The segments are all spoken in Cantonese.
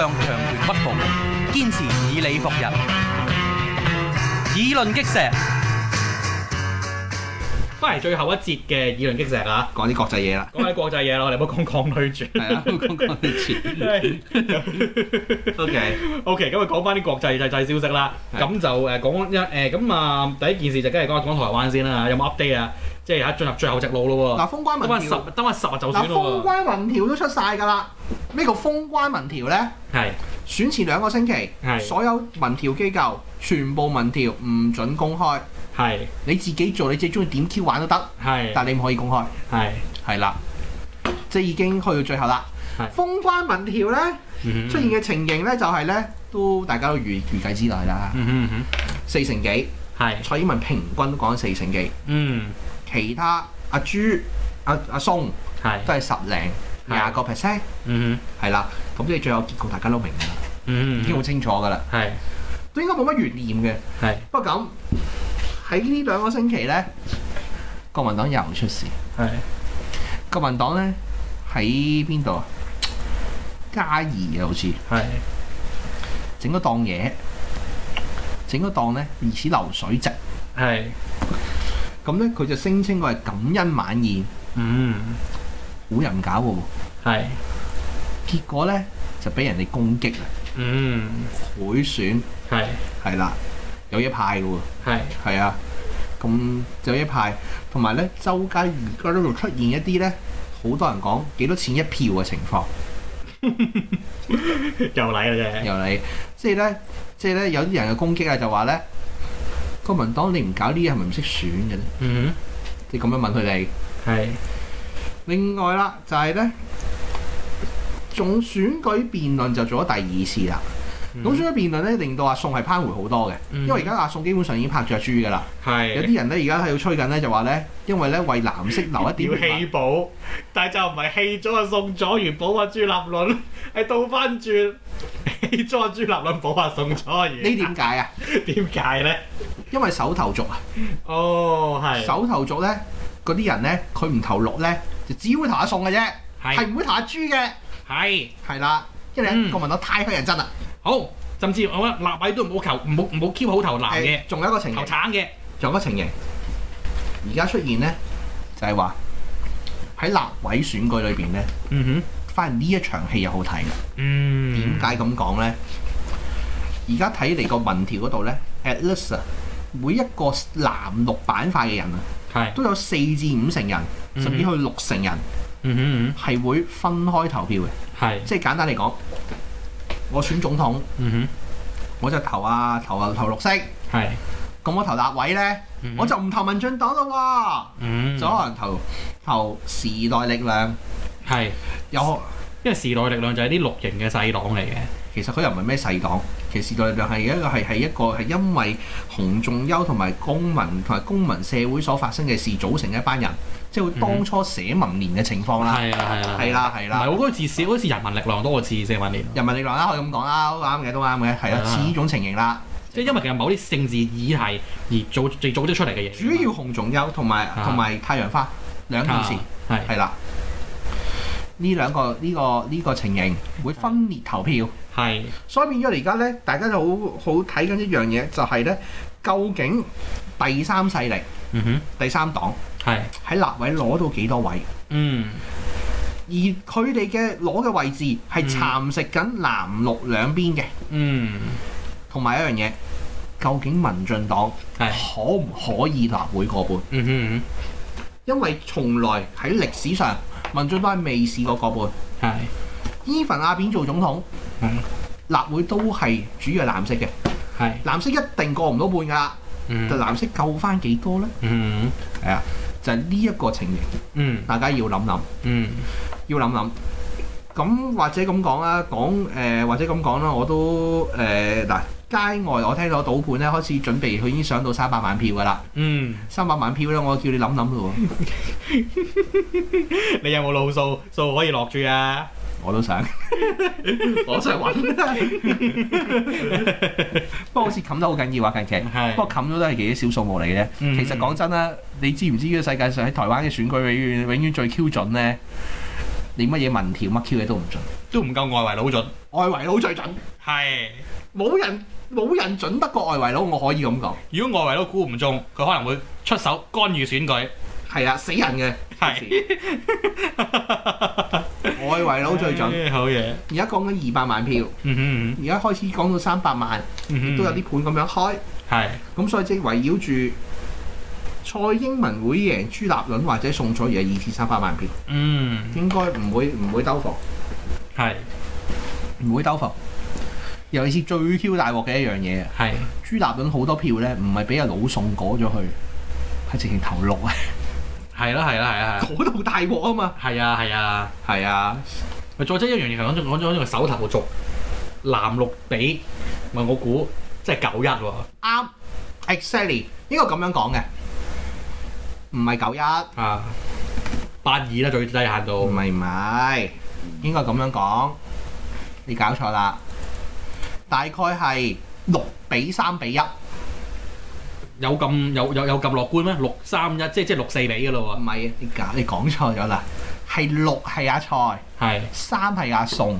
向強權屈服，堅持以理服人。議論擊石，翻嚟最後一節嘅議論擊石啊！講啲國際嘢啦，講啲國際嘢咯，你唔好講抗美援。係啊，講啲錢。O K O K，咁啊講翻啲國際國際消息啦。咁就誒講一誒咁啊，第一件事就梗係講講台灣先啦，有冇 update 啊？即係而家進入最後直路咯喎。嗱，封關民調等埋十，等十就走，封關民調都出晒㗎啦。咩叫封關民調咧？係。選前兩個星期，所有民調機構全部民調唔準公開，你自己做，你自己中意點 Q 玩都得，但你唔可以公開，係係啦，即已經去到最後啦。封關民調咧，出現嘅情形咧，就係咧都大家都預預計之內啦。四成幾係蔡英文平均講講四成幾，嗯。其他阿朱阿阿松是都係十零廿個 percent，係啦。咁即你最後結果大家都明啦，嗯、哼已經好清楚噶啦。係的都應該冇乜懸念嘅。係的不過咁喺呢兩個星期咧，國民黨又出事。係的國民黨咧喺邊度啊？嘉的義啊好似，係整咗檔嘢，整咗檔咧，疑似流水席。係。咁呢，佢就聲稱佢係感恩晚宴。嗯，好人搞喎。係是。結果呢，就俾人哋攻擊啊。嗯。賄選。係是。係啦，有嘢派喎。係的。係啊，咁有嘢派，同埋呢，周街而家都仲出現一啲呢，好多人講幾多錢一票嘅情況。 又嚟啦，真係。又嚟，即係呢，即係呢，有啲人嘅攻擊呀，就話呢。國民黨，你唔搞啲嘢，係咪唔識選嘅呢？嗯哼，你咁樣問佢哋係。是另外啦，就係呢，總選舉辯論就做咗第二次啦。Mm hmm. 總選舉辯論呢令到阿宋係攀回好多嘅，mm hmm. 因為而家阿宋基本上已經拍住阿豬噶啦。係的有啲人呢而家喺度吹緊呢，就話呢，因為呢為藍色留一點 棄保，但就唔係棄咗阿宋咗，完保阿朱立倫係倒翻轉，棄咗阿朱立倫保阿宋咗嘅嘢。呢點解啊？點解 呢？因為手頭族啊，哦、oh，係手頭族咧，嗰啲人咧，佢唔投綠咧，就只會投下宋嘅啫，係唔是會投下朱嘅，係係啦，因為、嗯、國民黨太黑人憎啦。好，甚至我立委都唔好求，唔好 keep 好投藍嘅，仲有一個情形投橙嘅，仲有一個情形。而家出現咧，就係話喺立委選舉裏邊咧，嗯哼，反而呢一場戲又好睇。嗯，點解咁講咧？而家睇嚟個民調嗰度咧，At least 每一個藍綠板塊嘅人啊，都有四至五成人，甚至去六成人，係會分開投票嘅。係，即係簡單嚟講，我選總統，我就投啊投啊投綠色。係，咁我投立委咧，我就唔投民進黨啦喎。嗯，就可能投投時代力量。係，有，因為時代力量就係啲綠營嘅細黨嚟嘅，其實佢又唔係咩細黨。其時代力量係一個係係一個係，因為洪仲丘同埋公民同埋公民社會所發生嘅事組成嘅一班人，即係當初社民連嘅情況啦，係啦係啦，係啦係啦。我覺得至少好似人民力量多過社民連。人民力量啦，可以咁講啦，都啱嘅，都啱嘅，係啊，似呢種情形啦，即係因為其實某啲政治議題而組組組織出嚟嘅嘢。主要洪仲丘同埋同埋太陽花兩件事係係啦。呢兩個呢、這個呢、這個情形會分裂投票，係是，所以變咗而家呢，大家就好好睇緊一樣嘢，就係呢：究竟第三勢力，嗯哼，第三黨係喺立委攞到幾多位？嗯，而佢哋嘅攞嘅位置係蠶食緊藍綠兩邊嘅，嗯，同埋一樣嘢，究竟民進黨可唔可以立會過半？嗯哼，因為從來喺歷史上。民進都係未試過過半，係的。Even 阿扁做總統，嗯、立會都係主要係藍色嘅，係的藍色一定過唔到半㗎，就藍色夠翻幾多咧？啊，就係呢一個情形，嗯、大家要諗諗，嗯、要諗諗。咁或者咁講啦，講、呃、或者咁講啦，我都嗱。呃街外，我聽到賭盤咧開始準備，佢已經上到三百萬票噶啦。嗯，三百萬票咧，我叫你諗諗咯。 你有冇路數？數可以落住啊？我都想， 我都想揾。 不過好似冚得好緊要啊！近期，是不過冚咗都係幾少數目嚟嘅。嗯嗯，其實講真啦，你知唔知呢個世界上喺台灣嘅選舉永遠永遠最、Q、準咧？你乜嘢民調乜 Q 嘢都唔準，都唔夠外圍佬準，外圍佬最準是的，係冇人冇人準得過外圍佬，我可以咁講。如果外圍佬估唔中，佢可能會出手干預選舉，係啊，死人嘅，外圍佬最準，好嘢。而家講緊二百萬票，而家開始講到三百萬，亦都有啲盤咁樣開，係咁是的 所以即係圍繞住。蔡英文會贏朱立倫或者宋楚瑜係二千三百萬票，嗯，應該唔會唔會兜伏，係唔會兜伏。尤其是最 Q 大鑊嘅一樣嘢是 啊，係朱立倫好多票咧，唔係俾阿老宋攞咗去，係直情投綠。啊，係啦係啦係啦係攞到大鑊啊嘛，係啊係啊係啊。咪、啊啊啊啊、再者一樣嘢，講咗講咗因為手頭好足藍綠比，咪我估即係九一喎，啱、啊、exactly 應該咁樣講嘅。唔係九一啊，八二啦，最低限度82，低。唔係唔係，應該咁樣講，你搞錯啦。大概係六比三比一，有咁有有有咁樂觀咩？六三一，即係即係六四比噶咯喎。唔係啊，你搞你講錯咗啦，係六係阿蔡，係三係阿宋，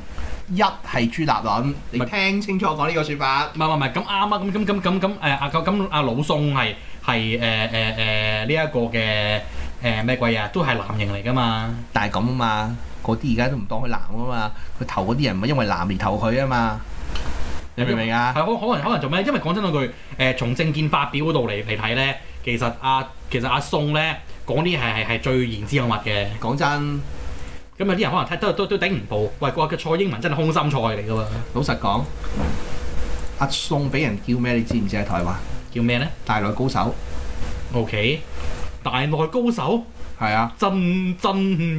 一係朱立倫。Lif, 你聽清楚我講呢不個説法。唔係唔係咁啱啊！咁咁咁咁咁誒阿個咁阿老宋係。係誒誒誒呢一個嘅誒咩鬼啊？都係藍營嚟噶嘛，但係咁啊嘛，嗰啲而家都唔當佢藍啊嘛，佢投嗰啲人咪因為藍而投佢啊嘛，你明唔明啊？係可可能可能做咩？因為講真嗰句誒，從、呃、政見發表嗰度嚟嚟睇咧，其實阿、啊、其實阿、啊、宋咧講啲係係係最言之有物嘅。講真，咁有啲人可能睇都都都頂唔到。喂，個個蔡英文真係空心菜嚟噶嘛？老實講，阿、啊、宋俾人叫咩？你知唔知喺台灣？叫咩咧？大內高手，OK，大內高手，係、okay。啊，陣陣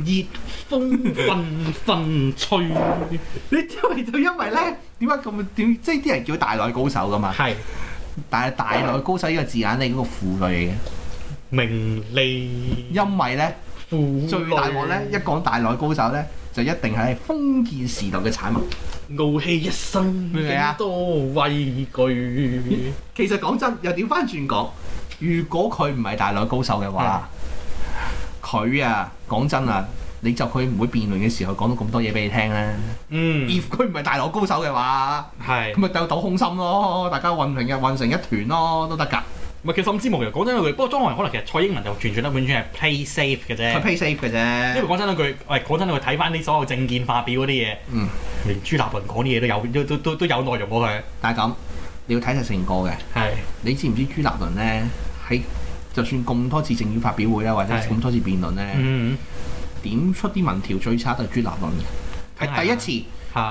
熱風紛紛吹， 你因為，呢為麼麼就因為咧，點解咁點？即係啲人叫大內高手㗎嘛？係是，但係大內高手呢個字眼係一個負累嘅，名利，因為咧最大鑊咧一講大內高手咧，就一定係封建時代嘅產物。傲氣一生，幾多畏懼、啊？其實講真，又點翻轉講，如果佢唔係大佬高手嘅話，佢啊講真啊，你就佢唔會辯論嘅時候講到咁多嘢俾你聽啦嗯，if 佢唔係大佬高手嘅話，係咁咪斗斗空心咯，大家混平日混成一團咯，都得噶。其實冇知冇嘅，講真句。不過莊學仁可能其實蔡英文就完全咧完全係 play safe 嘅啫，play safe 嘅啫。因為講真句，喂，講真嗰句睇翻啲所有政見發表嗰啲嘢，嗯，連朱立倫講啲嘢都有，都都都有內容喎佢。但係咁，你要睇曬成個嘅。係是。你知唔知朱立倫咧喺就算咁多次政見發表會咧，或者咁多次辯論咧，點、嗯嗯、出啲民調最差都係朱立倫嘅。係、啊、第一次，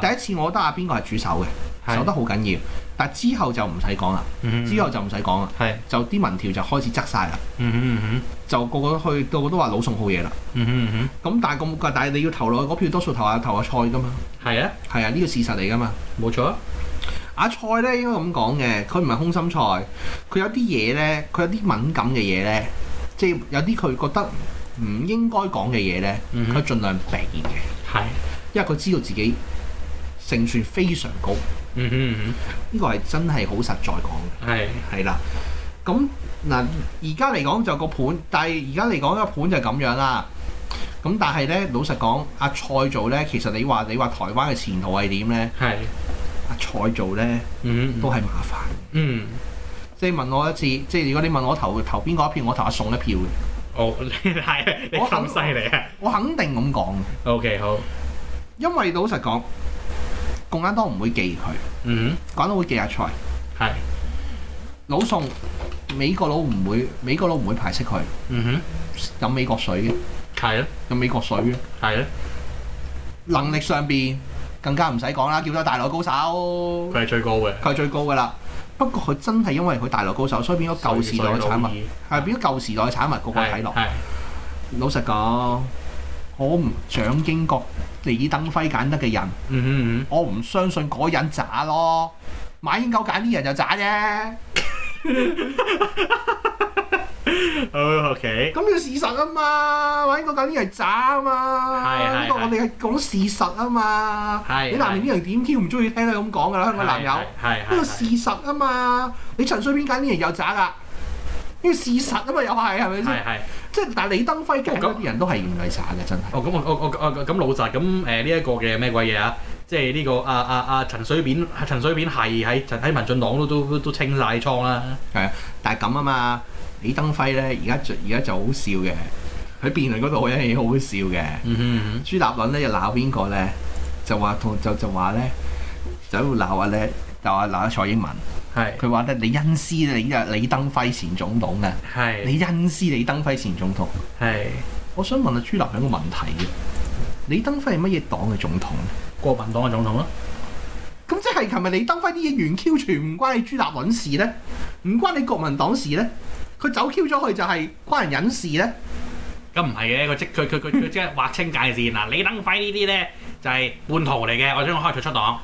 第一次我覺得啊，邊個係主守嘅，守得好緊要。但之後就唔使講啦，嗯、哼之後就唔使講啦，是就啲民調就開始執晒啦，嗯嗯、就個個去，個個都話老宋好嘢啦。咁、嗯嗯、但係個，但係你要投落去嗰票，多數投下投下菜噶嘛。係啊的，係啊，呢、這個事實嚟噶嘛。冇錯啊。阿菜、啊、呢應該咁講嘅，佢唔係空心菜，佢有啲嘢呢，佢有啲敏感嘅嘢呢，即係有啲佢覺得唔應該講嘅嘢呢，佢、嗯、哼盡量避嘅。係的，因為佢知道自己勝算非常高。嗯嗯嗯，呢個係真係好實在講。係係啦，咁嗱，而家嚟講就個盤，但係而家嚟講個盤就咁樣啦。咁但係咧，老實講，阿蔡做咧，其實你話你話台灣嘅前途係點咧？係的。阿蔡做咧、嗯嗯嗯，嗯，都係麻煩。嗯。即係問我一次，即係如果你問我投投邊個一票，我投阿宋一票嘅。哦、oh, 係你咁犀利啊！我肯定咁講。O、okay, K，好。因為老實講。更加都唔會記佢。嗯哼，講到會記下菜。係、嗯、哼老宋美國佬唔會，美國佬唔會排斥佢。嗯哼，飲美國水嘅，係咯、嗯哼，飲美國水嘅，係咯、嗯哼。能力上邊更加唔使講啦，叫做大佬高手，佢係最高嘅，佢係最高噶啦。不過佢真係因為佢大佬高手，所以變咗舊時代嘅產物，係變咗舊時代嘅產物。個個睇落，係老實講，我唔掌經國。李登輝揀得嘅人，嗯嗯我唔相信嗰人渣咯。馬英九揀啲人又渣啫。O K，咁呢個事實啊嘛，馬英九揀啲人渣啊嘛。係啊，我哋係講事實啊嘛。你南面啲人點挑唔中意聽你咁講㗎啦？香港男友，呢個事實啊嘛。你陳水扁揀啲人又渣㗎。事實啊嘛，又係係咪先？係，係即係但係李登輝跟嗰啲人都係賢惠曬嘅，真係、哦。哦，咁我我我咁老實，咁誒呢一個嘅咩鬼嘢啊？即係呢個阿阿阿陳水扁，陳水扁係喺喺民進黨都都都清晒倉啦。啊，係但係咁啊嘛，李登輝咧而家而家就好笑嘅，喺辯論嗰度我認好好笑嘅。嗯、哼，朱立倫咧又鬧邊個咧？就話同就就話咧，咧，就鬧阿蔡英文。佢話咧，你是恩師，你啊，李登輝前總統嘅。係是。你恩師，李登輝前總統。係是。我想問下、啊、朱立倫個問題嘅，李登輝係乜嘢黨嘅總統咧？國民黨嘅總統啦、啊。咁即係琴日李登輝啲嘢完 Q，全唔關你朱立倫事咧，唔關你國民黨事咧，佢走 Q 咗去就係關人隱事咧。咁唔係嘅，佢即係佢佢佢即係劃清界線嗱， 李登輝呢啲咧就係、是、叛徒嚟嘅，我想佢開咗出黨。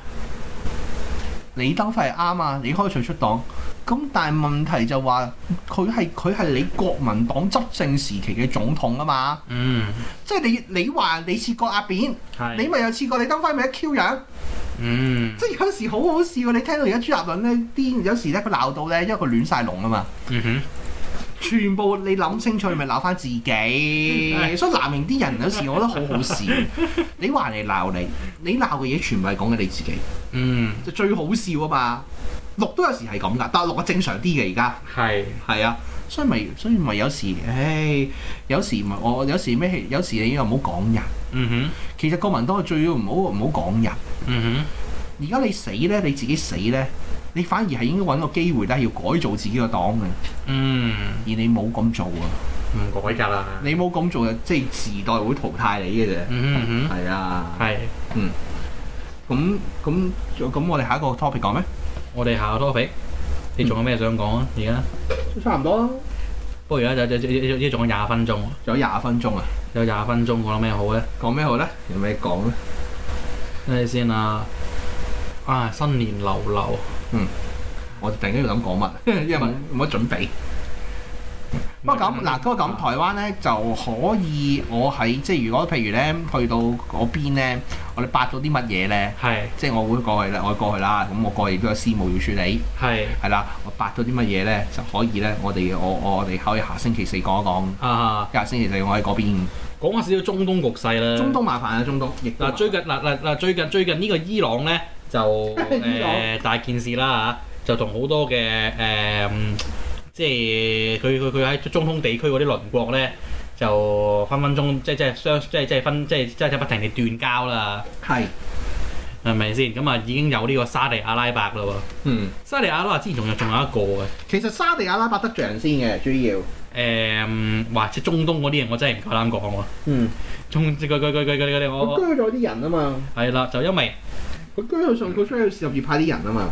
你係啱啊，李開除出黨，咁但係問題就話佢係佢係你國民黨執政時期嘅總統啊嘛，嗯，即係你你話你試過阿扁，是你咪又試過李登輝咪一 Q 人，嗯，即係有時好好笑你聽到而家朱立倫咧癲，有時咧佢鬧到咧，因為佢亂晒龍啊嘛，嗯哼。全部你諗清楚，咪鬧翻自己。嗯、所以藍營啲人有時，我覺得好好笑。 你話嚟鬧你，你鬧嘅嘢全部係講緊你自己。嗯，就最好笑啊嘛。綠都有時係咁噶，但係綠係正常啲嘅而家。係是，係啊。所以咪，所以咪有時，唉，有時唔係我，有時咩？有時你又唔好講人。嗯哼。其實國民黨最要唔好唔好講人。嗯哼。而家你死咧，你自己死咧。你反而係應該揾個機會咧，要改造自己個黨嘅。嗯，而你冇咁做啊，唔改㗎啦。你冇咁做嘅，即、就、係、係、時代會淘汰你嘅啫。嗯嗯，係啊，係嗯。咁咁咁，我哋下一個 topic 講咩？我哋下個 topic，你仲有咩想講啊？而家、嗯、差唔多啦。不過而家就仲有廿分鐘，仲有廿分鐘啊！有廿分鐘，講咩好咧？講咩好咧？有咩講咧？睇你先啦、啊。啊！新年流流。嗯，我突然間要諗講乜，因為冇乜準備。不過咁嗱，嗰個咁台灣咧就可以我，我喺即係如果譬如咧去到嗰邊咧，我哋八咗啲乜嘢咧，係即係我會過去啦，我，會過去我過去啦，咁我過去亦都有事務要處理，係係啦，我八咗啲乜嘢咧就可以咧，我哋我我哋可以下星期四講一講。啊、下星期四我喺嗰邊講下少少中東局勢啦，中東麻煩啊，中東。嗱、啊、最近嗱嗱嗱最近最近呢個伊朗咧，就誒 後、呃、大件事啦嚇，就同好多嘅誒、呃，即係佢佢佢喺中東地區嗰啲鄰國咧，就分分鐘即即雙即分即分即即不停噉斷交啦。係係咪先？咁啊已經有呢個沙地阿拉伯啦喎。嗯，沙地阿拉伯之前仲有仲有一個嘅。其實沙地阿拉伯得罪人先嘅主要。誒、呃，哇！即中東嗰啲嘢我真係唔夠膽講喎。嗯，仲啲我。嚇！咗啲人啊嘛。係啦，就因為。佢居上個出嚟入要派啲人啊嘛，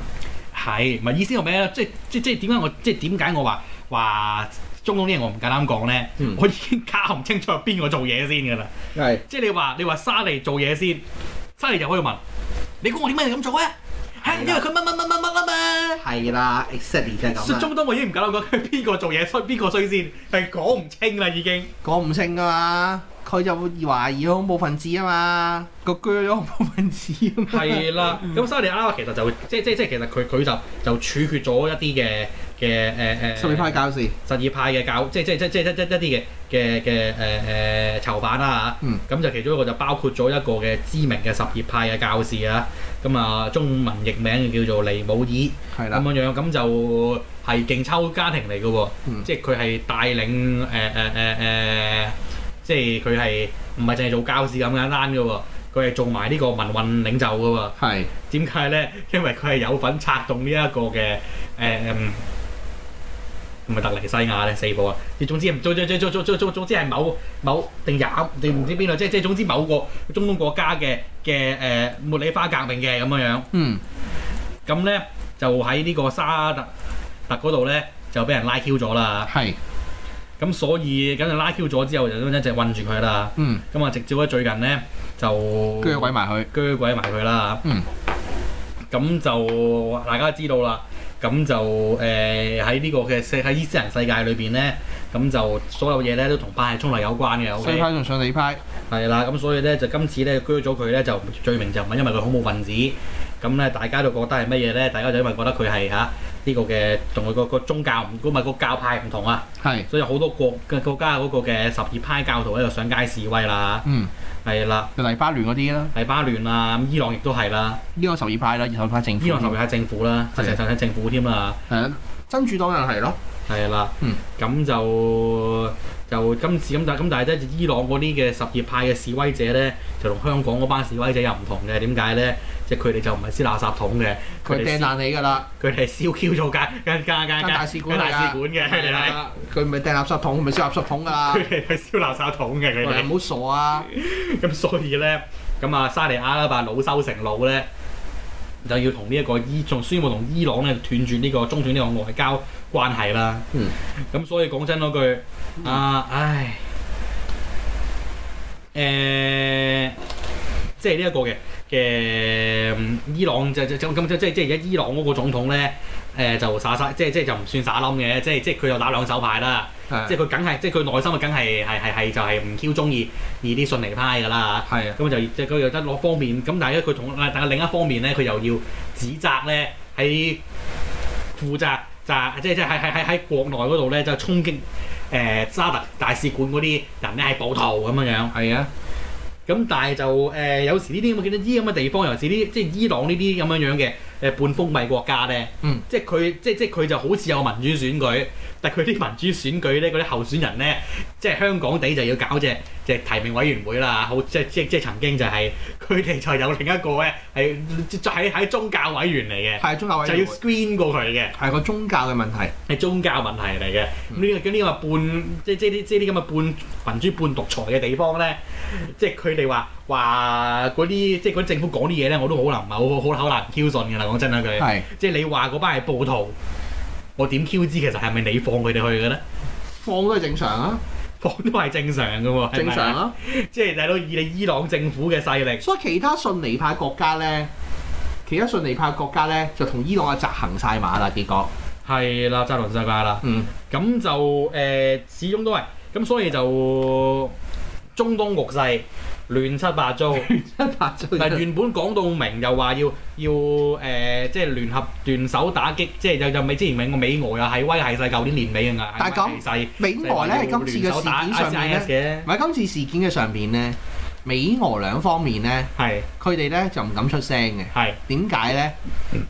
係，唔係意思係咩咧？即即即點解我即點解我話話中東啲嘢我唔簡單講咧？嗯、我已經搞唔清楚邊個做嘢先噶啦。係的，即你話你話沙利做嘢先，沙利就可以問你估我點解要咁做咧？的因為佢乜乜乜乜乜啊嘛。係啦 exactly 係咁。Exactly，這中東我已經唔簡單講，係邊個做嘢衰，邊個衰先但係講唔清啦，已經講唔清啊嘛。佢就會懷疑恐怖分子啊嘛，個鋸咗恐怖分子嘛。係啦，咁所以啱其實就即即即其實佢佢就就處決咗一啲嘅嘅什葉派教士，什葉派嘅教，即即即即，即，即一一啲嘅嘅嘅囚犯啦、啊、咁、嗯、就其中一個就包括咗一個嘅知名嘅什葉派嘅教士啊。咁啊，中文譯名叫做尼姆爾。係啦是的。咁樣樣咁就係勁抽家庭嚟嘅喎。嗯。即佢係帶領、呃呃呃呃即係佢係唔係淨係做教士咁簡單噶喎？佢係做埋呢個民運領袖噶喎。係是。點解咧？因為佢係有份策動呢一個嘅誒，唔、呃、係特尼西亞咧，四個啊。總之，總總之係某某定也定唔知邊度，即係即係總之某個中東國家嘅嘅誒茉莉花革命嘅咁樣樣。嗯。咁咧就喺呢個沙特嗰度咧就俾人拉 Q 咗啦。係。咁所以梗係拉 Q 咗之後，就一直困住佢啦。嗯。咁啊，直接咧最近咧就鋸鬼埋佢，鋸鬼埋佢啦。嗯。咁就大家知道啦。咁就誒喺呢個嘅世喺伊斯蘭世界裏邊咧，咁就所有嘢咧都同派系衝突有關嘅。Okay? 西派仲上你派。係啦，咁所以咧就今次咧鋸咗佢咧就罪名就唔係因為佢恐怖分子，咁咧大家都覺得係乜嘢咧？大家就因為覺得佢係嚇。啊呢個嘅同佢個宗教唔，咁咪個教派唔同啊，係，所以好多國嘅國家嗰個嘅十二派教徒喺度上街示威啦，嗯，係啦，黎巴嫩嗰啲啦，黎巴嫩啊，咁伊朗亦都係啦，伊朗十二派啦，十二派政，伊朗十二派政府啦，甚至政府添啊。係啊，真主黨又係咯，係啦，嗯，咁就就今次咁但咁但係咧，伊朗嗰啲嘅十二派嘅示威者咧，就同香港嗰班示威者又唔同嘅，點解咧？即係佢哋就唔係燒垃圾桶嘅，佢掟爛你噶啦！佢哋係燒 Q 做介，跟跟跟大使館大使館嘅，佢唔係掟垃圾桶，唔係燒垃圾桶㗎。佢係係燒垃圾桶嘅，佢哋唔好傻啊！咁 所以咧，咁啊，沙特阿拉伯老羞成怒咧，就要同呢一個伊，仲宣布同伊朗咧斷絕呢個中斷呢個外交關係啦。咁、嗯、所以講真嗰句、嗯、啊，唉，誒、呃，即係呢一個嘅。嘅、嗯、伊朗就就咁即係即即而家伊朗嗰個總統咧、呃，就耍曬，即係即就唔算耍冧嘅，即係即佢又打兩手牌啦，即係佢梗係即係佢內心啊梗係係係係就係唔 Q 中意而啲遜尼派㗎啦，咁是的 就即佢又得攞方面，咁但係咧佢同但，同但另一方面咧佢又要指責咧喺負責就即係即喺喺喺喺國內嗰度咧就衝擊、呃、沙特大使館嗰啲人咧係暴徒咁樣，係啊。咁但係就誒、呃，有時呢啲咁嘅幾多咁嘅地方，尤其是啲即係伊朗呢啲咁樣樣嘅。誒半封閉國家咧，嗯，即係佢，即係佢，即係即係佢就好似有民主選舉，但係佢啲民主選舉咧，嗰啲候選人咧，即係香港地就要搞隻即係提名委員會啦，好即即即曾經就係佢哋就有另一個咧係就喺喺宗教委員嚟嘅，係宗教委員就要 screen 過佢嘅，係個宗教嘅問題，係宗教問題嚟嘅。呢呢個半即即啲即啲咁嘅半民主半獨裁嘅地方咧，即係佢哋話。話嗰啲即係嗰啲政府講啲嘢咧，我都好難唔係好好好難去信㗎啦。講真啦，佢是即係你話嗰班係暴徒，我點去知其實係咪你放佢哋去嘅咧？放都係正常啊，放都係正常嘅喎、啊。正常啊，是是即係睇到以你伊朗政府嘅勢力，所以其他遜尼派國家咧，其他遜尼派國家咧就同伊朗啊，執行晒馬啦，結果係啦，炸輪世界啦。嗯，咁就誒、呃，始終都係咁，所以就中東局勢。亂七八糟，亂七八糟。但原本講到明就話要，又話要要誒、呃，即係聯合聯手打擊，即係又又未。之前咪個美俄又係威脅曬舊年年尾㗎嘛？但係咁，是是小美俄咧喺今次嘅事件上面咧，唔係今次事件嘅上邊咧，美俄兩方面咧，係佢哋咧就唔敢出聲嘅。係點解咧？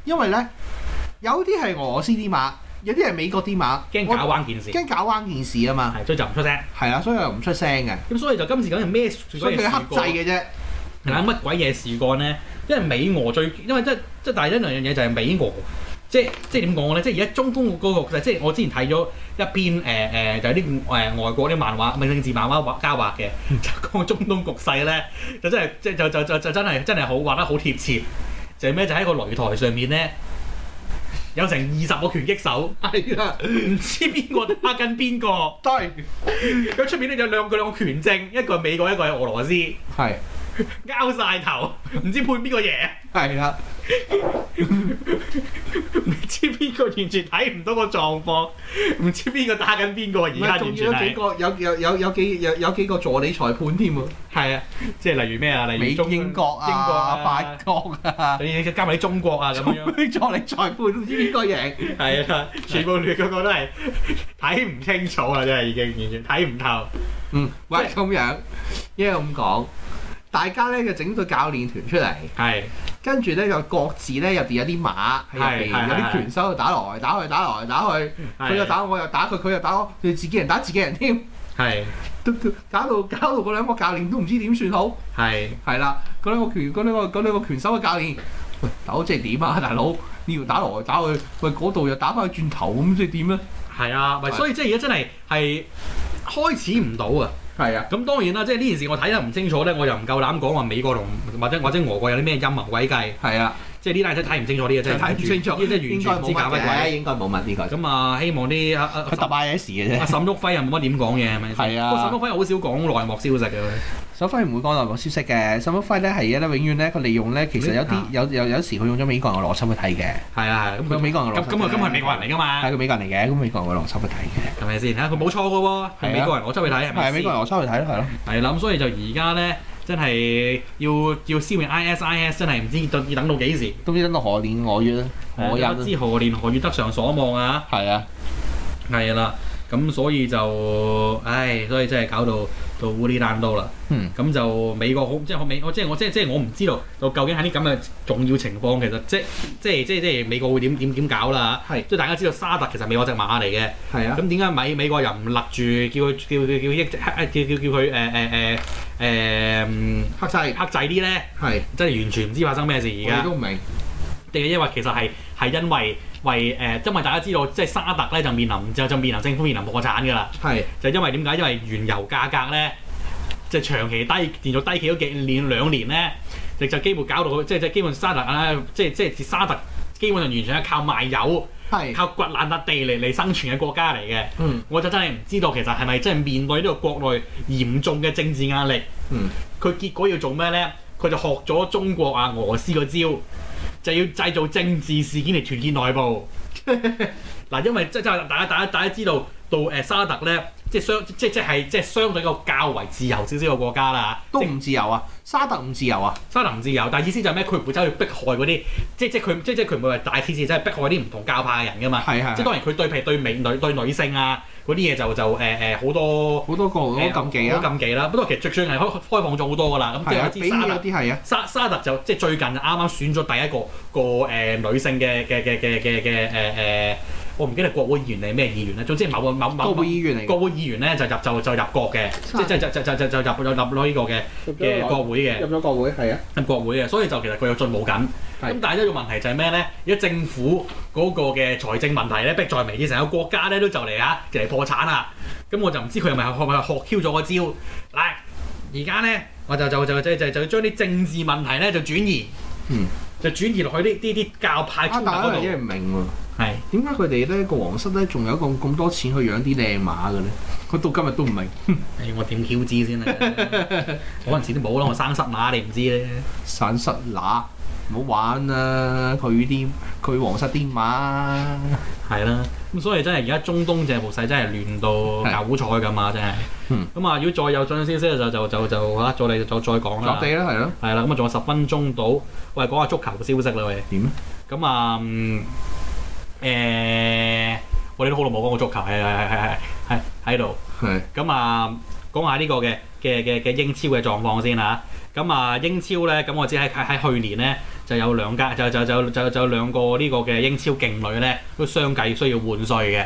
因為咧有啲係俄羅斯啲碼。有啲係美國啲馬，驚搞彎件事，驚搞彎件事啊嘛，係，所以就唔出聲，係啊，所以又唔出聲嘅，咁所以就今次咁樣咩？所以佢克制嘅啫，嗱乜鬼嘢事幹咧？因為美俄最，因為即即但係一兩樣嘢就係美俄，即即點講咧？即而家中東嗰個即我之前睇咗一篇誒誒、呃呃、就係啲誒外國啲漫畫，政治漫畫畫家畫嘅，就講中東局勢咧，就真係即就就就，就，就真係真係好畫得好貼切，就咩就喺個擂台上面咧。有成二十個拳擊手，唔的知邊個打緊邊個。 對，咁出面咧，有兩個兩個拳證，一個係美國，一個係俄羅斯。係。拗晒頭，唔知判邊個贏？係啦，唔知邊個完全睇唔到個狀況，唔知邊個打緊邊個。而家仲有幾個有有有有幾有有幾個助理裁判添啊？係啊，即係例如咩啊，例如英國、英國啊、英國啊法國啊，加埋中國啊咁樣。啲助理裁判唔知邊個贏？係啊，啊全部亂個個都係睇唔清楚啊！真係已經完全睇唔透。嗯，喂，咁、就係、樣，因為咁講。大家咧就整咗個教練團出嚟，係跟住咧就各自咧入邊有啲馬，係係是有啲拳手打來打去打來打去，佢又打我又打佢，佢是又打我，佢自己人打自己人添，係都搞到搞到嗰兩個教練都唔知點算好，係係啦，嗰兩個拳嗰兩個嗰兩個拳手嘅教練，喂大佬即係點啊，大佬呢度打來打去，喂嗰度又打翻去轉頭咁，即係點咧？係啊，咪、啊、所以即係而家真係係的開始唔到啊！係啊，咁當然啦，即係呢件事我睇得唔清楚咧，我又唔夠膽講話美國同或者或者俄國有啲咩陰謀詭計。係啊。即係呢單嘢睇唔清楚呢嘅，真係睇唔清楚，呢啲真係完全唔知價乜鬼，應該冇問呢個。咁啊，希望啲啊啊，佢揼事嘅啫。沈旭輝又冇乜點講嘢，係啊。沈旭輝好少講內幕消息嘅。沈旭輝唔會講內幕消息嘅。沈旭輝咧係永遠咧佢利用咧，其實有啲有有有時佢用咗美國人嘅邏輯去睇嘅。係啊係。咁佢美國人嘅。咁咁啊咁係美國人嚟㗎嘛。係佢美國人嚟嘅，咁美國人嘅邏輯去睇嘅。係咪先？啊，佢冇錯嘅喎，係美國人邏輯去睇，係咪美國人邏輯去睇咯，係咯。係，咁所以就而家咧。真係要要消滅 ISIS，真係唔知要等到幾時，都唔知等到何年何月啦。我亦都知何年何月得償所望啊！係啊，係啦，咁所以就唉，所以真係搞到。到烏里蘭都啦，咁、嗯、就美國好即係好美，即我即係我即係即係我唔知道，就究竟喺啲咁嘅重要情況，其實即即即即係美國會點點點搞啦嚇。即係是大家知道沙特其實是美國隻馬嚟嘅，咁點解美美國人唔勒住叫佢叫佢叫佢叫、呃呃、制一隻黑叫叫叫佢誒誒誒誒黑曬黑仔啲咧？係即係完全唔知發生咩事而家。亦都唔明，定係因為其實係係因為。為誒、呃，因為大家知道，即、就、係、是、沙特咧就面臨就就面臨政府面臨破產㗎啦。係是就因為點解？因為原油價格咧，即、就、係、是、長期低連續低企咗幾年兩年咧，亦就，就幾乎搞到即係即係基本沙特啦，即係即係沙特基本上完全係靠賣油，係是靠掘爛笪地嚟嚟生存嘅國家嚟嘅。嗯，我就真係唔知道其實係咪真係面對呢個國內嚴重嘅政治壓力。嗯，佢結果要做咩咧？佢就學咗中國啊俄羅斯個招。就要製造政治事件嚟團結內部， 嗱，因為即係即係大家大家大家知道。到誒沙特咧，即係相即即係即係相對一個較為自由少少嘅國家啦嚇，都唔自由啊，沙特唔自由啊，沙特唔自由，但係意思就係咩？佢唔會走去逼害嗰啲，即即佢即即佢唔會話大件事即係逼害啲唔同教派嘅人㗎嘛，係係，即係當然佢對譬如對美女對女性啊嗰啲嘢就就誒誒好多好多個嗰啲禁忌啦禁忌啦，不過其實就算係開開放咗好多㗎啦，咁即係比有啲係啊，沙沙特就即係最近啱啱選咗第一個個誒女性嘅嘅嘅嘅嘅誒誒。我唔記得國會議員係咩議員咧，總之某個某個某個國會議員咧就入就入就入國嘅，即即即即即即入入入咗呢個嘅嘅國會嘅，入咗國會，係啊，入國會嘅，所以就其實佢有進步緊。咁的但係一個問題就係咩咧？而家政府嗰個嘅財政問題咧，逼在眉睫，成個國家咧都就嚟啊，嚟破產啦。咁我就唔知佢係咪學咪學咗個招。嗱，而家咧，我就就就就就就將啲政治問題咧就轉移，嗯，就轉移落去呢啲啲教派沖突嗰度。我真係唔明喎。係，點解佢哋咧個皇室咧，仲有咁咁多錢去養啲靚馬嘅咧？佢到今日都唔明。誒， 我點曉知先咧？我錢都冇咯，我生失乸，你唔知咧。散失乸，唔好玩啊！佢啲佢皇室啲馬係啦。咁所以真係而家中東正部勢真係亂到九彩咁嘛。真係。咁啊，如果再有最新消息嘅時候，就就就嚇再嚟再再講啦。落地啦，係咯。係啦，咁啊，仲有十分鐘到。喂，講下足球嘅消息啦，喂樣。點咁啊。嗯誒、欸，我哋都好耐冇講過足球，係係係係係喺度。咁是啊，講下呢個嘅嘅嘅嘅英超嘅狀況先嚇、啊。咁啊，英超咧，咁我只係喺喺去年咧就有兩家，就就就就就有兩個呢個嘅英超勁旅咧都相繼需要換帥嘅。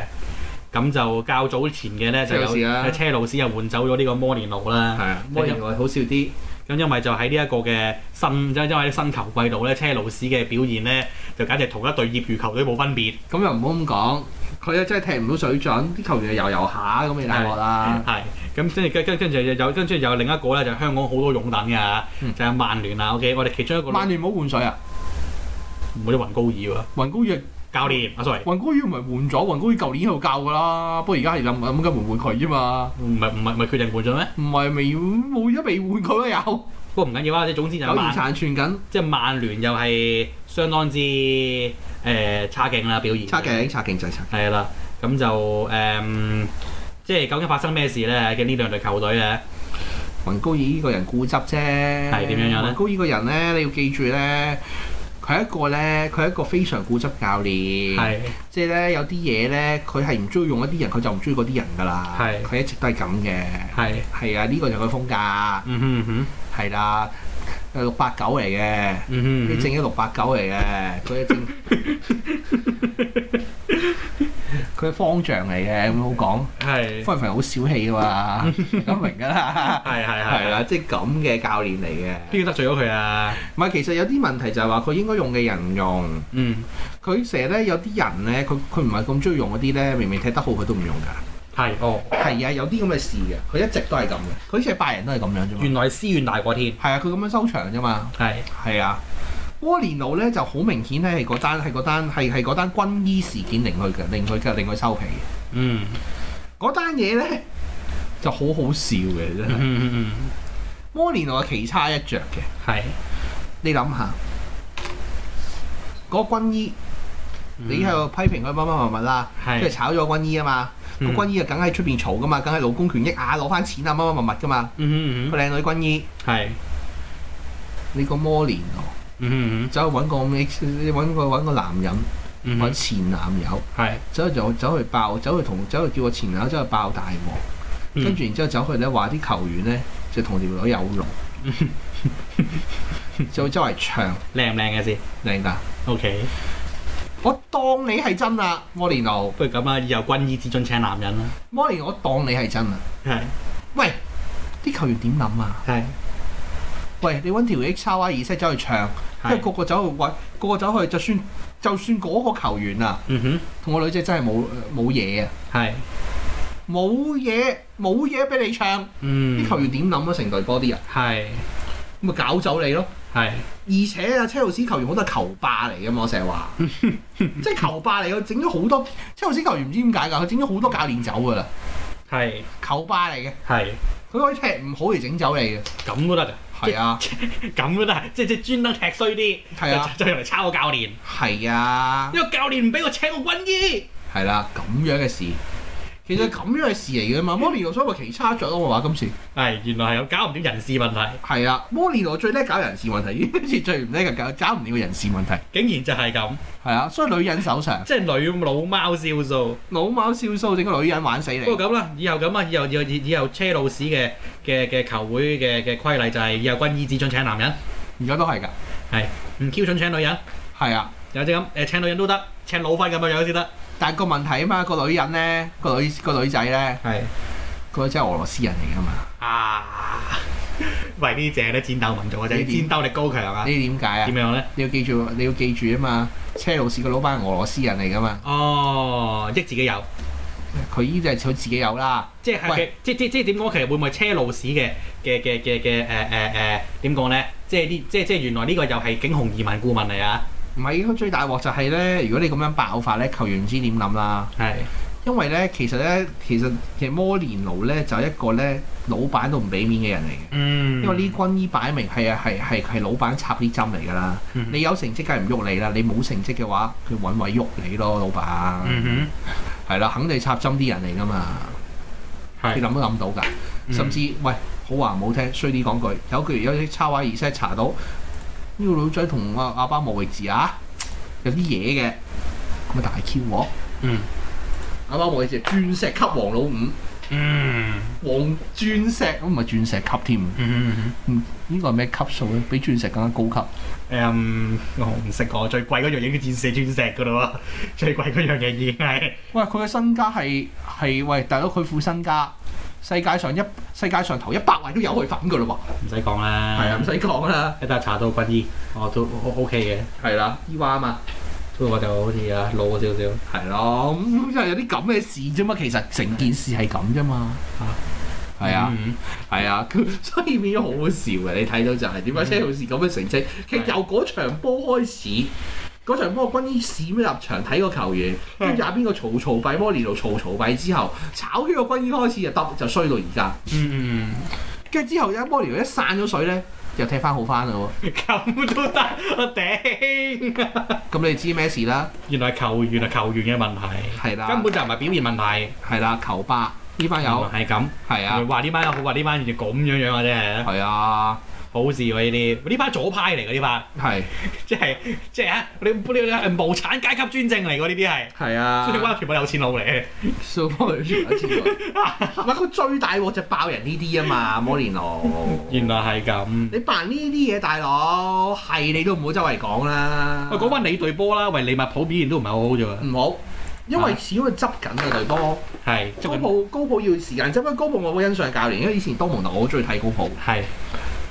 咁就較早前嘅咧、啊、就有阿車路士又換走咗呢個摩連奴啦。係啊，摩連奴好笑啲。咁因為就喺呢一個嘅新即係因為新球季度咧，車路士嘅表現咧就簡直同一隊業餘球隊冇分別。咁又唔好咁講，佢咧真係踢唔到水準，啲球員又遊下咁你大學啦。係，咁跟住跟跟有跟住又跟住又另一個咧就是、香港好多擁躉㗎，嗯、就係曼聯啦。O.K. 我哋其中一個曼聯冇換水啊，唔好啲雲高爾喎。教練，阿 Sir 雲高爾唔係換咗，雲高爾舊年就教㗎啦，不過現在是想想不想而家係咁咁解換換佢啫嘛，唔係唔係唔係決定換咗咩？唔係未冇一未換佢都有，不過唔緊要啊，即係總之就久而殘存緊，即係曼聯又係相當之、呃、差勁啦，表現差勁差勁,差勁,差勁那就差，係、嗯、啦，咁就誒即係究竟發生咩事咧？嘅呢兩隊球隊咧，雲高爾呢個人固執啫，係點樣樣咧？雲高爾呢個人咧，你要記住咧。佢係一個咧，佢係一個非常固執教練，是的 即係咧有啲嘢咧，佢係唔中意用一啲人，佢就唔中意嗰啲人㗎啦。佢是的 一直都係咁嘅。係係啊，呢、呢個就佢風格。嗯哼嗯哼，係啦，六八九嚟嘅，啲嗯嗯正一六八九嚟嘅，佢。一 佢方丈嚟嘅，咁好講，是方唔好小氣噶嘛？咁 明噶啦，係係係啦，即係咁嘅教練嚟嘅，邊個得罪咗佢啊？唔係，其實有啲問題就係話佢應該用嘅人唔用，嗯，佢成日咧有啲人咧，佢佢唔係咁中意用嗰啲咧，明明踢得好佢都唔用㗎，係哦，係啊，有啲咁嘅事嘅，佢一直都係咁嘅，佢好似係拜仁都，都係咁樣啫嘛，原來私怨大過天，係啊，佢咁樣收場啫嘛，係係是啊。摩連奴咧就好明顯咧，係嗰單係嗰單係係嗰單軍醫事件令佢嘅令佢嘅令佢收皮嘅、嗯嗯。嗯，嗰單嘢咧就好好笑嘅真。摩連奴係棋差一着嘅。係是，你諗下，個軍醫，嗯、你喺度批評佢乜乜物物啦，即係是炒咗個軍醫啊嘛，個軍醫啊梗喺出邊嘈噶嘛，梗係勞工權益下攞翻錢啊乜乜物物噶嘛。嗯嗯嗯。個、嗯、靚女軍醫係，是你個摩連奴。嗯，走去揾個咩？個個男人，揾前男友，係，走去就走去爆，走去同走去叫我前男友走去爆大鑊，跟住然之後走去咧話啲球員咧就同條女有龍，就周圍唱靚唔靚嘅先，靚㗎，OK。我當你係真啊，摩連奴。不如咁啊，由軍醫至尊請男人啦。摩連，我當你係真啊。係。喂，啲球員點諗啊？係。喂，你揾條 X 叉 Y 二西走去唱，即係個個走去喂，個個走去，就算就算嗰個球員啊，同個女仔真係冇冇嘢啊，係冇嘢冇嘢俾你唱，啲球員點諗啊？成隊波啲人，係咁咪搞走你咯，係。而且啊，車路士球員好多係球霸嚟噶嘛，我成日話，即係球霸嚟嘅，整咗好多車路士球員唔知點解㗎，佢整咗好多教練走㗎啦，係球霸嚟嘅，係佢可以踢唔好嚟整走你嘅，咁都得㗎。係、就是、啊，咁都啦，即係即係專登踢衰啲，即係、啊、就用嚟抄個教練。係啊，因為教練唔俾我請個軍醫。係啦、啊，咁樣嘅事。其實咁樣係事嚟噶嘛，摩連奴所謂奇差著咯，我話今次係原來係又搞唔掂人事問題。係啊，摩連奴最叻搞人事問題，今次最唔叻嘅搞搞唔掂嘅人事問題。竟然就係咁。係啊，所以女人手上即係女老貓燒鬚，老貓燒鬚整個女人玩死你。不過咁啦，以後咁啊，以後以後以後車路士嘅嘅嘅球會嘅嘅規例就係以後軍醫只准請男人。而家都係噶。係唔 Q 准請女人？係啊，有啲咁誒，請女人都得，請老花咁啊，有先得。但個問題啊嘛，個女人咧，個女個女仔咧，係是，佢真係俄羅斯人嚟噶嘛？啊，喂呢隻咧戰鬥民族啊，真戰鬥力高強啊！呢啲點解啊？點樣咧？你要記住，你要記住啊嘛！車路士個老闆係俄羅斯人嚟噶嘛？哦，益自己有，佢呢隻係佢自己有啦。即係是喂，即即即點講？其實會唔會車路士嘅嘅嘅嘅嘅誒誒誒點講咧？即係、呃呃、呢，即即原來呢個又係景鴻移民顧問嚟啊！唔係，應該最大鑊就係咧，如果你咁樣爆發咧，球員唔知點諗啦。係是，因為咧，其實咧，其實其實摩連奴咧就係、一個咧，老闆都唔俾面嘅人嚟嘅。嗯。因為呢軍醫擺明係啊，係係係老闆插啲針嚟㗎啦。嗯、哼你有成績梗係唔喐你啦，你冇成績嘅話，佢揾位喐你咯，老闆。嗯係哼啦，肯定插針啲人嚟㗎嘛。係是。你諗都諗到㗎，嗯、甚至喂，好話唔好聽，衰啲講句，有句有啲插話而家查到。呢個女仔同阿阿巴莫維治啊，有啲嘢嘅咁啊大 Q 喎、哦，嗯，阿巴莫維治啊，鑽石級王老五，嗯，黃鑽石咁咪、啊、鑽石級添，嗯嗯嗯，嗯，呢個係咩級數咧？比鑽石更加高級，誒、嗯、我唔識喎，最貴嗰樣嘢都係鑽石，鑽石噶咯喎，最貴嗰樣嘢已經係，喂，佢嘅身家係係喂大佬佢副身家。世界上一世界上頭一百位都有佢份㗎啦喎，唔使講啦，係啊，唔使講啦，一打查到軍醫，哦都 O K 嘅，係啦，醫患、OK、啊，所以為我就好似啊老咗少少，係咯，咁即係有啲咁嘅事啫嘛，其實成件事係咁啫嘛，嚇，係啊，係啊、嗯、啊，所以變咗好好笑嘅、啊，你睇到就係點解車路士咁嘅成績，嗯、其實由嗰場波開始。嗰場波軍醫閃入場睇個球員，跟住阿邊個嘈嘈閉，摩連奴嘈嘈閉之後，炒咗個軍醫開始啊，突就衰到而家。嗯嗯。跟住之後，一摩連奴一散咗水咧，就踢翻好翻咯。咁都得，我頂、啊。咁你知咩事啦？原來球員啊，球員嘅問題。係啦。根本就唔係表現問題。係啦，球霸呢班友。係咁。係啊。話呢班友好話呢班人咁樣樣啊啫。係啊。好事喎！呢啲呢班左派嚟嘅呢班，係即係即係啊！你，啲嗰啲係無產階級專政嚟嘅呢啲係，係啊！蘇迪拉全部有錢佬嚟，蘇迪拉全部有錢佬。唔係佢最大鑊就爆人呢啲啊嘛，摩連奴。原來係咁。你扮呢啲嘢大佬係你都唔好周圍講啦。喂，講翻你隊波啦，喂利物浦表現都唔係好好啫喎。唔好，因為始終執緊嘅隊波。係。高普高普要時間執，因為高普我好欣賞教練，因為以前多蒙特我好中意睇高普。係。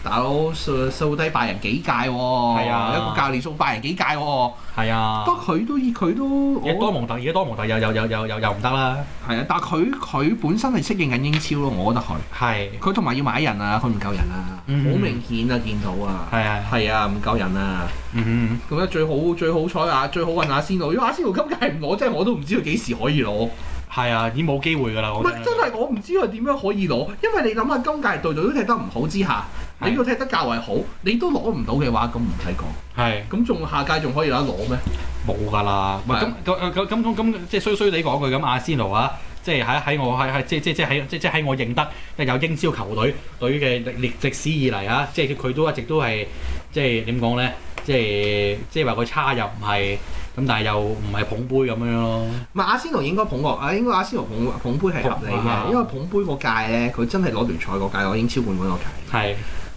大佬掃低拜仁幾屆喎、哦，啊、一個教練送拜仁幾屆喎、哦，係啊，不過佢都以，佢都一多蒙特，而家多蒙特又又又又又又唔得啦，係啊，但係佢佢本身係適應緊英超咯，我覺得佢係佢同埋要買人啊，佢唔夠人啊，好、嗯、哼明顯啊，見到啊，係啊，係啊，唔夠人啊，咁、嗯、哼樣最好最好彩啊，最好揾、啊、阿仙奴，如果阿仙奴今屆唔攞，即係我都唔知佢幾時可以攞，係啊，已經冇機會㗎啦，唔係不真係我唔知佢點樣可以攞，因為你諗下今屆隊隊都踢得唔好之下。你要踢得較為好，你都攞唔到嘅話，咁唔使講。係，咁仲下屆仲可以攞得攞咩？冇㗎啦。咁咁咁咁即係衰衰你講句咁，阿仙奴啊，即係喺喺我喺喺即係即喺即喺我認得有英超球隊隊嘅歷歷史以嚟啊，即係佢都一直都係即係點講咧？即係即係話佢差又唔係咁，但係又唔係捧杯咁樣咯。唔係阿仙奴應該捧啊！應該阿仙奴捧捧杯係合理嘅 anc，因為捧杯嗰屆咧，佢組 yeah. 真係攞完賽嗰屆，攞英超冠軍嗰屆。係。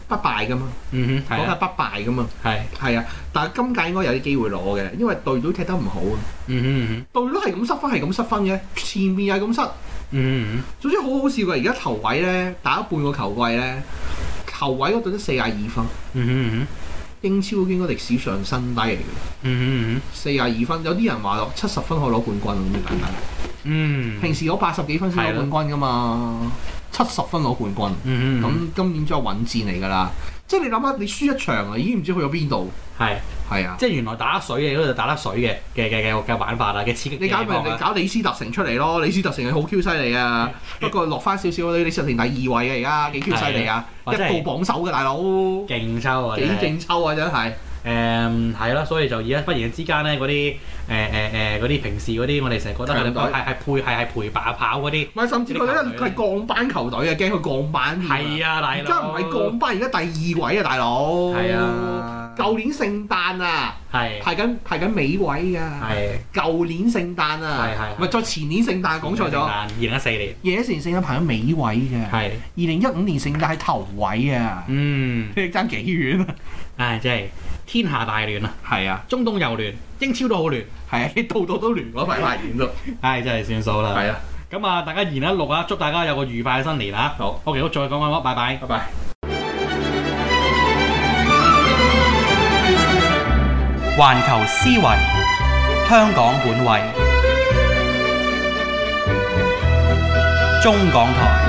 不敗噶嘛，講係、嗯、哼不敗噶嘛，係係啊，但係今屆應該有啲機會攞嘅，因為隊隊踢得唔好啊，嗯哼嗯、哼隊隊係咁失分係咁失分嘅，前面係咁失，嗯、哼總之好好笑㗎。而家頭位咧打咗半個球季咧，頭位嗰隊得四十二分，嗯哼嗯、哼英超應該歷史上新低嚟嘅，四十二分，有啲人話七十分可以攞冠軍啊咁簡單，嗯，平時攞八十幾分先攞冠軍㗎嘛的。嗯七十分攞冠軍，咁今年即係穩戰嚟㗎啦。即係你諗下，你輸一場啊，已經唔知去咗邊度。係係是啊，即係原來打甩水嘅嗰個打得水打甩水嘅嘅嘅嘅玩法啦，嘅刺激。你搞咪搞李斯特城出嚟咯，李斯特城係好 Q 犀利啊。 不過落翻少少，李斯特城第二位嘅而家啦，幾 Q 犀利啊，一個榜首嘅大佬。勁抽啊！幾是勁抽啊！真係。誒係咯，所以就而家忽然之間咧，嗰啲誒誒誒嗰啲平時嗰啲，我哋成日覺得係係係配，係係陪白跑嗰啲，甚至佢得係降班球隊啊，驚佢降班添啊！係啊，大佬，真唔係降班，而家第二位啊，大佬。係啊，舊年聖誕啊，係排緊排緊尾位㗎。係舊年聖誕啊，咪？再前年聖誕講錯咗，二零一四年，二零一四年聖誕排緊尾位嘅。係二零一五年聖誕係頭位啊！嗯，你爭幾遠啊？唉，真係。天下大亂啊，係啊，中東又亂，英超都好亂，係啊，度度都亂，嗰排排亂都，唉， 真係算數啦。係啊，咁啊，大家二零一六啊，祝大家有個愉快嘅新年啦。好，OK，好，好再講講咯，拜拜。拜拜。環球思維，香港本位，中港台。